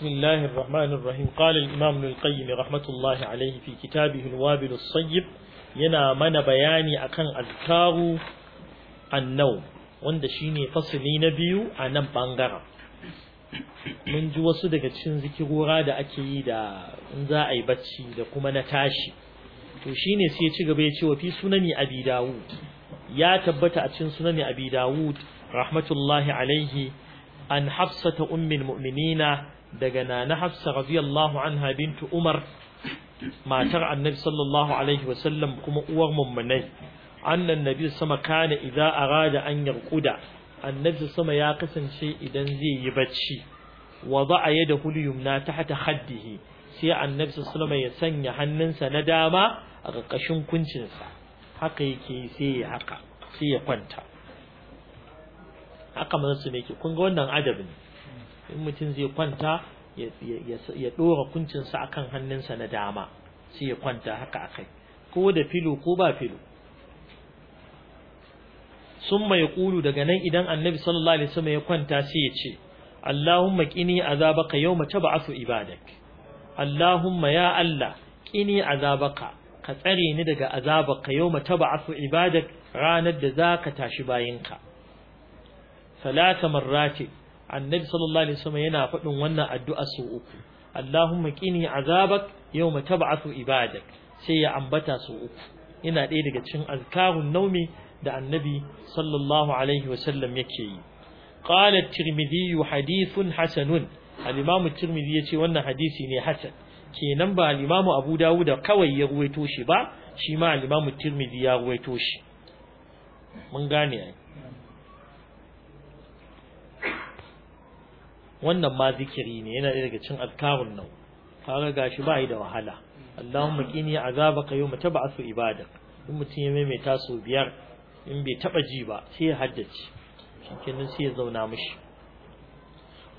بسم الله الرحمن الرحيم قال الإمام ابن القيم رحمة الله عليه في كتابه الوابل الصيب yana mana bayani akan azkaru annau wanda shine fasali na biyu a nan bangaren mun ji wasu daga cikin zikirora da ake yi da in za a yi bacci da kuma na tashi to shine sai ya ci gaba ya ce wa fi sunani abi dawud ya tabbata a cikin sunani abi dawud rahmatullahi alaihi an hafsata ummin mu'minina daga nana hafsa radiyallahu anha bintu umar matar annabi sallallahu alaihi wasallam kuma uwar mummunai annan nabi sama kana idza arada an yarquda annabi sama ya kasance idan zai yi bacci wada'a yadahu al-yumna tahta khaddihi sai annabi sallallahu ya sanya hannunsa na dama a ƙarƙashin kuncinsa haka yake sai ya haka sai ya kwanta haka manzo ne ke kun ga wannan adabin in mutum zai kwanta ya ɗora kuncinsa a kan hannunsa na dama sai ya kwanta haka a kai ko da filo ko ba filo sun mai ƙulu daga nan idan annabi sallallahu alaihi wasallam ya kwanta sai ya ce Allahumma kini azabaka yawma asu ibadak Allahumma ya Allah kini azabaka ka tsare ni daga azabaka yawma asu ibadak ranar da za ka tashi bayinka salata marrati annabi sallallahu alaihi wasallam yana faɗin wannan addu'a su uku Allahumma qini azabak yawma tab'athu ibadak sai ya ambata su uku yana ɗaya daga cikin azkarun naumi da annabi sallallahu alaihi wasallam yake yi qala at-tirmidhi hadithun hasanun al-imam at-tirmidhi yace wannan hadisi ne hasan kenan ba al-imam abu dawud kawai ya ruwaito shi ba shi ma al-imam at-tirmidhi ya ruwaito shi mun gane wannan ma zikiri ne yana daga cin azkarun nau kaga gashi ba yi da wahala Allahumma qini azabaka yawma tab'asu ibadak in mutum ya maimaita su biyar in bai taba ji ba sai ya haddace shikenan sai ya zauna mishi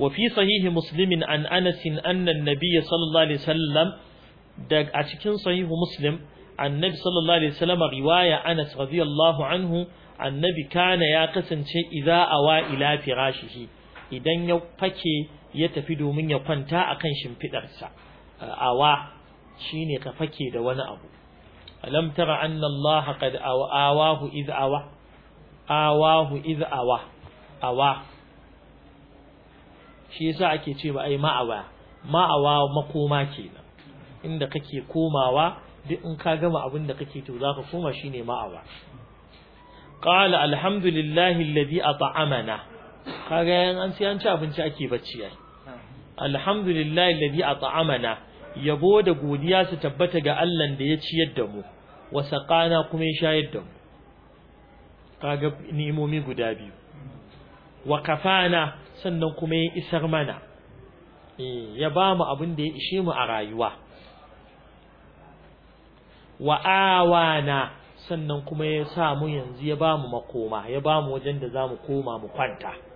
wa fi sahihi muslimin an anas anna an-nabiy sallallahu alaihi wasallam da a cikin sahihu muslim annabi sallallahu alaihi wasallam riwaya anas radiyallahu anhu annabi kana ya kasance idza awa ila firashihi idan ya fake ya tafi domin ya kwanta akan shimfidarsa awa shine ka fake da wani abu alam tara anna Allah qad awahu iz awa awahu iz awa awa shi yasa ake cewa ai ma'awa ma'awa makoma kenan inda kake komawa duk in ka gama abin da kake to zaka koma shine ma'awa qala alhamdulillahi alladhi at'amana kaga yan an sai an ci abinci ake bacci ai alhamdulillah alladhi at'amana yabo da godiya su tabbata ga Allah da ya ci yadda mu wa saqana kuma ya shayar da mu kaga nimomi guda biyu wa kafana sannan kuma ya isar mana eh, ya ba mu abin da ya ishe mu a rayuwa wa awana sannan kuma ya sa mu yanzu ya ba mu makoma ya ba mu wajen da za mu koma mu kwanta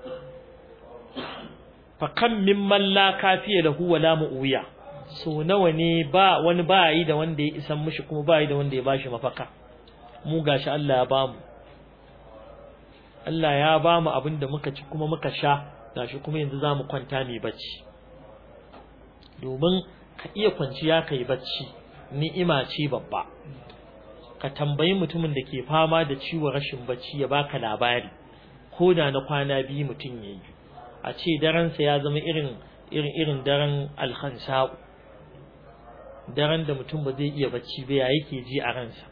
fakan min malla la da huwa wala uya, so nawa ne ba wani ba yi da wanda ya isan mishi kuma ba yi da wanda ya bashi mafaka mu gashi Allah ya bamu Allah ya bamu abin da muka ci kuma muka sha gashi kuma yanzu zamu kwanta mai bacci domin ka iya kwanciya kai bacci ni'ima ce babba ka tambayi mutumin da ke fama da ciwon rashin bacci ya baka labari koda na kwana biyu mutum yayi a ce daransa ya zama irin irin irin daren alkhansa, daren da mutum ba zai iya bacci ba ya yake ji a ransa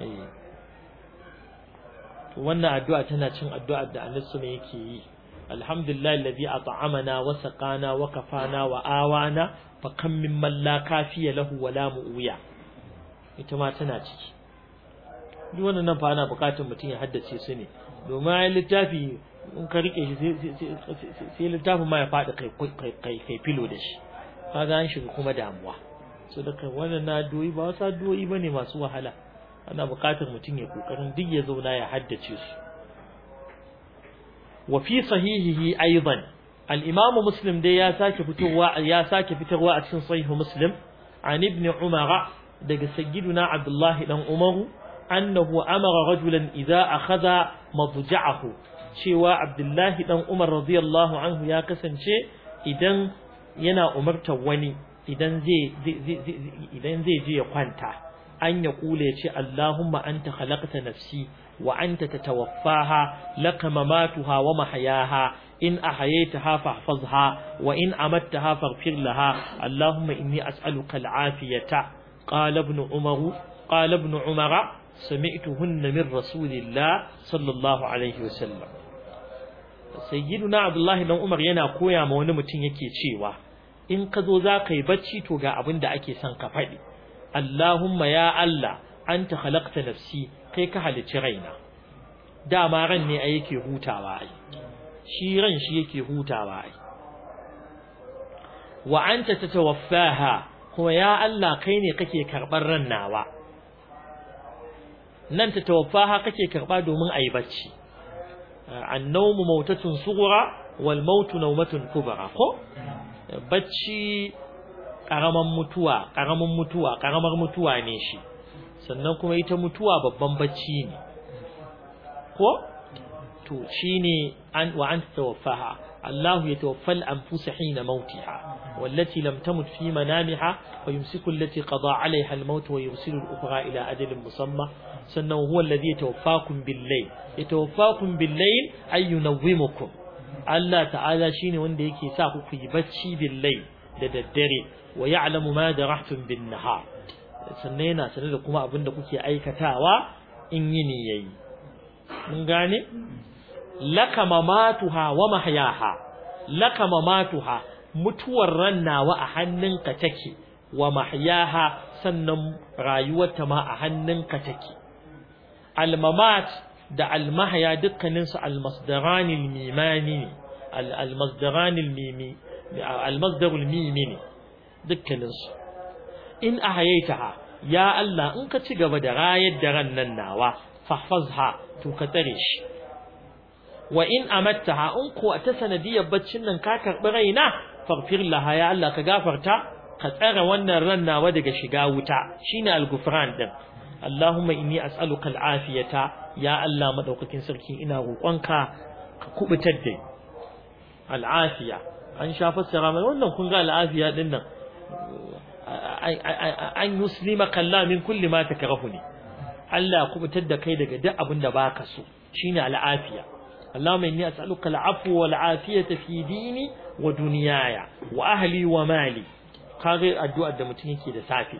eh. wannan addu'a tana cin addu'ar da annabi ne yake yi alhamdulillah alladhi at'amana wa saqana wa kafana wa awana fa kam min man la lahu wa la mu'uya ita ma tana ciki duk wannan nan fa ana bukatun mutum ya haddace su ne domin a littafi in ka rike shi sai littafin ma ya faɗi kai filo da shi ka ga an shiga kuma damuwa so da kai wannan na doyi ba wasu ba ne masu wahala ana buƙatar mutum ya kokarin duk ya zauna ya haddace su wa fi sahihihi aidan al muslim dai ya sake fitowa ya sake fitarwa a cikin sahihu muslim an ibn umara daga na abdullahi dan umaru annahu amara rajulan idza akhadha madja'ahu cewa Abdullahi dan Umar radiyallahu anhu ya kasance idan yana umartar wani idan zai idan zai je ya kwanta an ya kula ya ce Allahumma anta khalaqta nafsi wa anta tatawaffaha laka mamatuha wa mahayaha in ahyaytaha fahfazha wa in amattaha faghfir laha Allahumma inni as'aluka al'afiyata qala ibn Umar qala ibn Umar sami'tuhunna min rasulillah sallallahu alaihi wasallam sayyiduna abdullahi dan umar yana koya ma wani mutum yake cewa in ka zo za ka yi bacci to ga abin da ake son ka faɗi allahumma ya allah anta khalaqta nafsi kai ka halicci raina dama ran ne ai yake hutawa ai shi ran shi yake hutawa ai wa anta tatawaffaha kuma ya Allah kai ne kake karɓar ran nawa nan tatawaffaha kake karɓa domin yi bacci النوم موتة صغرى والموت نومة kubra خو بچي karaman mutuwa karaman mutuwa karamar mutuwa ne shi sannan kuma ita mutuwa babban bacci ne ko to shine an wa anta tawaffaha Allahu ya tawaffal anfusa hina mautiha wallati lam tamut fi manamiha wa yumsiku allati qada alaiha almaut wa yursilu al-ukhra ila ajalin musamma sannan huwa alladhi yatawaffakum bil-layl yatawaffakum bil-layl ay yunawwimukum Allah ta'ala shine wanda yake sa ku yi bacci bil-layl da daddare wa ya'lamu ma darahtum bin-nahar sannan yana sanar da kuma abinda kuke aikatawa in yini yayi mun gane laka mamatuha wa mahyaha laka mamatuha mutuwar rannawa a hannunka take wa mahyaha sannan rayuwarta ma a hannunka take almamat da almahya dukkaninsu almasdaranil mimani ne almasdaranil mimi almasdarul mimi ne dukkaninsu in ahayaitaha ya Allah in ka ci gaba da rayar da ran nan nawa fahfazha to ka tsare shi wa in amattaha in ko ta sanadiyar baccin nan ka karɓi raina farfir laha ya Allah ka gafarta ka tsara wannan rannawa daga shiga wuta shine al-ghufran din Allahumma inni as'aluka al-afiyata ya Allah madaukakin sarki ina roƙonka ka kubutar da al-afiya an sha fassara mai wannan kun ga al-afiya din nan an yuslima kalla min kulli ma takrahu ne Allah ya kubutar da kai daga duk abin da baka so shine al-afiya اللهم إني أسألك العفو والعافية في ديني ودنياي وأهلي ومالي قاغي أدو أدمتني كده سافي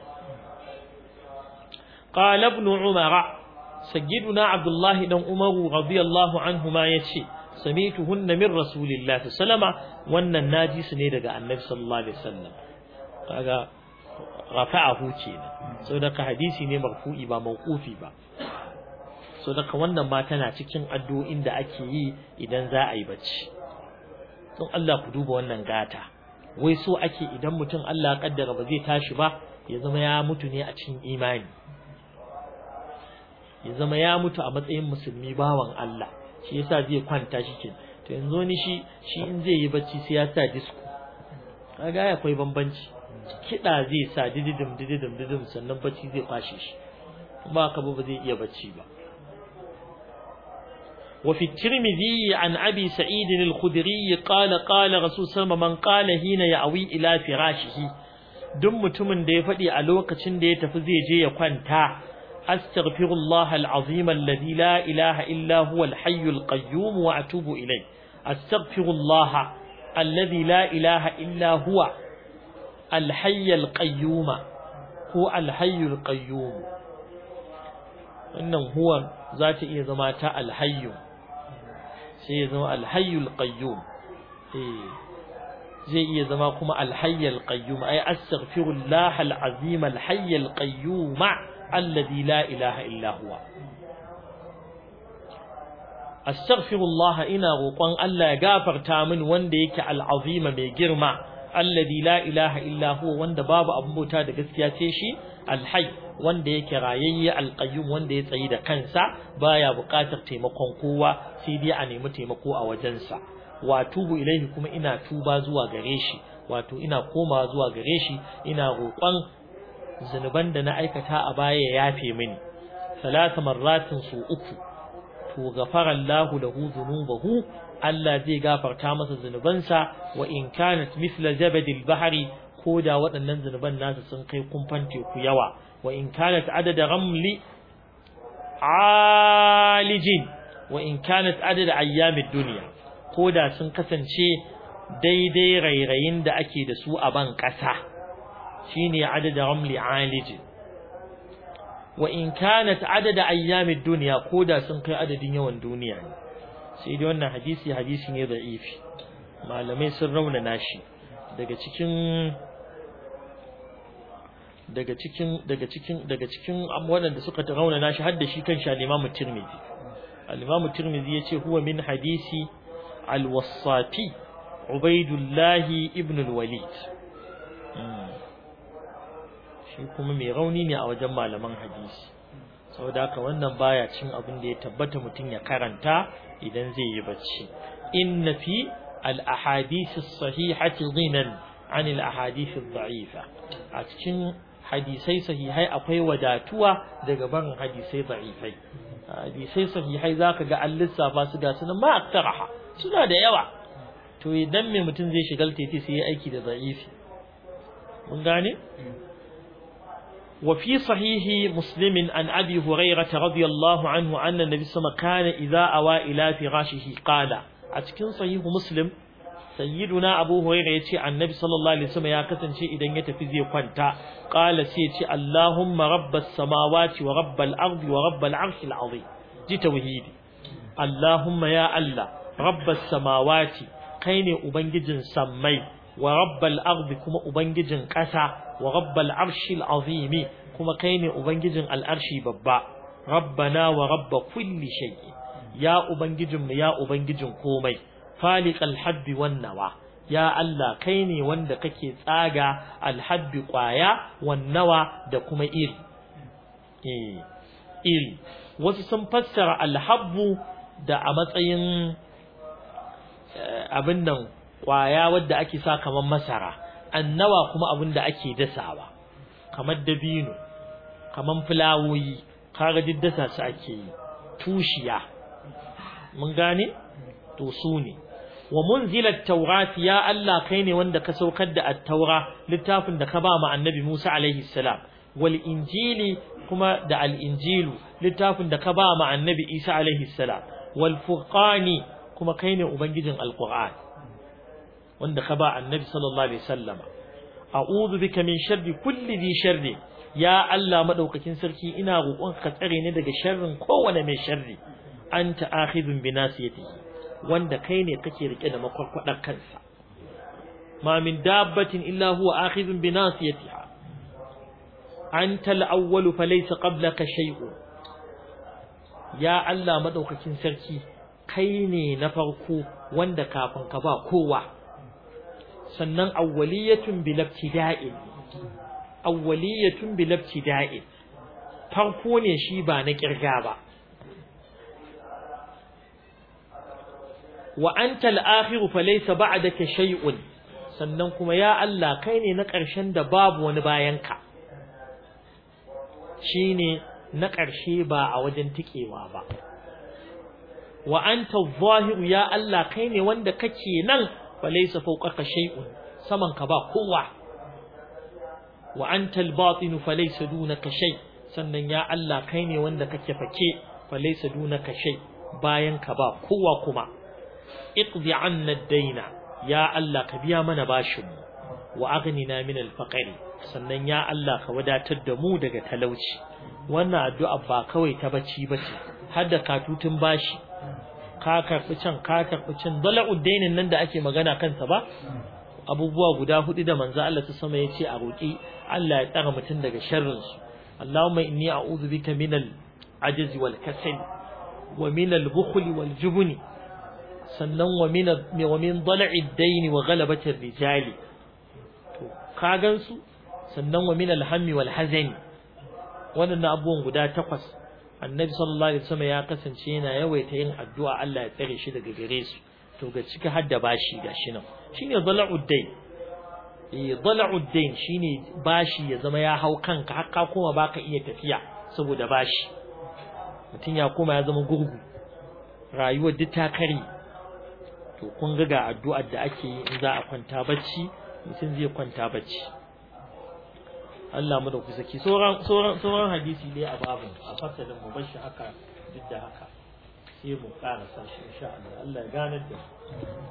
قال ابن عمر سيدنا عبد الله بن عمر رضي الله عنهما يشي سمعتهن من رسول الله صلى الله عليه وسلم وان ناجي سنه daga annabi sallallahu alaihi wasallam kaga rafa'ahu kenan saboda hadisi ne marfu'i ba mauqufi ba so daga wannan ma tana cikin addu'o'in da ake yi idan za a yi bacci don Allah ku duba wannan gata wai so ake idan mutum Allah kaddara ba zai tashi ba ya zama ya mutu ne a cikin imani ya zama ya mutu a matsayin musulmi bawan Allah shi yasa zai kwanta shi ke to yanzu ni shi shi in zai yi bacci sai ya sa disco kaga akwai bambanci kiɗa zai sa dididim dididim dididim sannan bacci zai kwashe shi ba ka ba zai iya bacci ba وفي الترمذي عن أبي سعيد الخدري قال قال رسول سلم من قال هنا يأوي إلى فراشه دم متمن دي فدي ألوك تندي تفزي جي قنتا أستغفر الله العظيم الذي لا إله إلا هو الحي القيوم وأتوب إليه أستغفر الله الذي لا إله إلا هو الحي القيوم هو الحي القيوم إنه هو ذات إذا مات الحي sai ya zama alhayyul qayyum eh, zai iya zama kuma alhayyul qayyum ay astaghfirullah alazim alhayyul qayyum alladhi la ilaha illa huwa astaghfirullah ina roƙon Allah ya gafarta min wanda yake alazima mai girma alladhi la ilaha illa huwa wanda babu abun bauta da gaskiya sai shi alhayy wanda yake rayayye alqayyum wanda ya tsayi da kansa baya buƙatar taimakon kowa sai dai a nemi taimako a wajensa Wato bu ilaihi kuma ina tuba zuwa gare shi wato ina koma zuwa gare shi ina roƙon zunuban da na aikata a baya ya yafe mini salata marratin su uku to ghafara Allahu lahu dhunubahu Allah zai gafarta masa zinubansa wa in kanat mithla zabadil bahri ko da waɗannan zunuban nasu sun kai kumfan teku yawa wa in kanat adada ramli alijin wa in kanat adada ayyamid duniya ko da sun kasance daidai rairayin da ake da su a ban ƙasa shine adada ramli alijin wa in kanat adada ayyamid duniya ko da sun kai adadin yawan duniya ne sai dai wannan hadisi hadisi ne ifi malamai sun raunana shi daga cikin daga cikin daga cikin daga cikin waɗanda suka raunana shi har da shi kanshi al-Imam Tirmidhi al-Imam Tirmidhi yace huwa min hadisi al-Wassafi Ubaidullah ibn al-Walid hmm. shi kuma mai rauni ne a wajen malaman hadisi saboda haka wannan baya cin abin da ya tabbata mutum ya karanta idan zai yi bacci inna fi al-ahadith as-sahihati ghinan an al-ahadith daifa a hadisai sahihai akwai wadatuwa daga barin hadisai da'ifai hadisai sahihai zaka ga an lissafa su ga sunan ma aktaraha suna da yawa to idan me mutum zai shigal titi sai ya aiki da za'ifi mun gane وفي صحيح مسلم عن أبي هريرة رضي الله عنه أن النبي صلى الله عليه وسلم كان إذا أوى إلى فراشه قال أتكن صحيح مسلم sayyiduna abu hurairah yace annabi sallallahu alaihi wasallam ya kasance idan ya tafi zai kwanta qala sai yace allahumma rabbas samawati wa rabbal ardi wa rabbal arshil azim ji tauhidi allahumma ya allah rabbas samawati kai ne ubangijin sammai wa rabbal ardi kuma ubangijin kasa wa rabbal arshil azimi kuma kai ne ubangijin al'arshi babba rabbana wa rabb kulli shay ya ubangijinmu ya ubangijin komai faliqal alhabbi wan nawa ya Allah kai ne wanda kake tsaga alhabbi kwaya wan nawa da kuma iri eh iri wasu sun fassara alhabbu da a matsayin eh, abin nan kwaya wadda ake sa kaman masara annawa kuma abin da ake dasawa kamar dabino kaman fulawoyi kaga diddasa su ake yi tushiya mun gane to su ne wa munzilat tawrat ya Allah kai ne wanda ka saukar da at-taura littafin da ka ba mu annabi Musa alaihi salam wal injili kuma da al-injilu littafin da ka ba mu annabi Isa alaihi salam wal furqani kuma kai ne ubangijin al wanda ka ba annabi sallallahu alaihi wasallam a'udhu bika min sharri kulli dhi sharri ya Allah madaukakin sarki ina roƙon ka tsare ni daga sharrin kowane mai sharri anta akhidun bi nasiyatihi wanda kai ne kake rike da makwarkwadar kansa ma min dabbatin illa huwa akhidun bi nasiyatiha anta al-awwal fa laysa qablaka ya Allah madaukakin sarki kai ne na farko wanda kafin ka ba kowa sannan awwaliyatun bil ibtida'i awwaliyatun bil ibtida'i farko ne shi ba na kirga ba wa anta al-akhiru falaysa ba'daka shay'un sannan kuma ya Allah kai ne na ƙarshen da babu wani bayanka shine na ƙarshe ba a wajen tikewa ba wa anta adh-dhahiru ya Allah kai ne wanda kake nan falaysa fawqaka shay'un saman ka ba kowa wa anta al-batinu falaysa dunaka shay sannan ya Allah kai ne wanda kake fake falaysa dunaka shay bayan ka ba kowa kuma iqdi anna daina ya Allah ka biya mana bashin mu wa aghnina min sannan ya Allah ka wadatar da mu daga talauci wannan addu'a ba kawai ta bacci bace har da katutun bashi ka karfi can ka karfi can dala'ud dainin nan da ake magana kansa ba abubuwa guda hudu da manzo Allah ta sama yace a roki Allah ya tsara mutun daga sharrin su Allahumma inni a'udhu bika minal ajzi wal kasal wa minal bukhli wal jubni sannan wa min wa wa galabatar Rijali? to ka gansu sannan wa min al wal wannan abubuwan guda takwas annabi sallallahu alaihi wasallam ya kasance yana yawaita yin addu'a Allah ya tsare shi daga gare su to ga ciki har da bashi gashi nan shine dal'ud dayn eh dal'ud dayn shine bashi ya zama ya hau kanka har ka koma baka iya tafiya saboda bashi mutum ya koma ya zama gurgu rayuwar duk ta kare to kun ga ga addu'ar da ake yi in za a kwanta bacci mutum zai kwanta bacci Allah mu da ku saki sauran sauran hadisi ne a babu a fasalin mu bashi haka duk da haka sai mu ƙara sa shi insha Allah Allah ya ganar da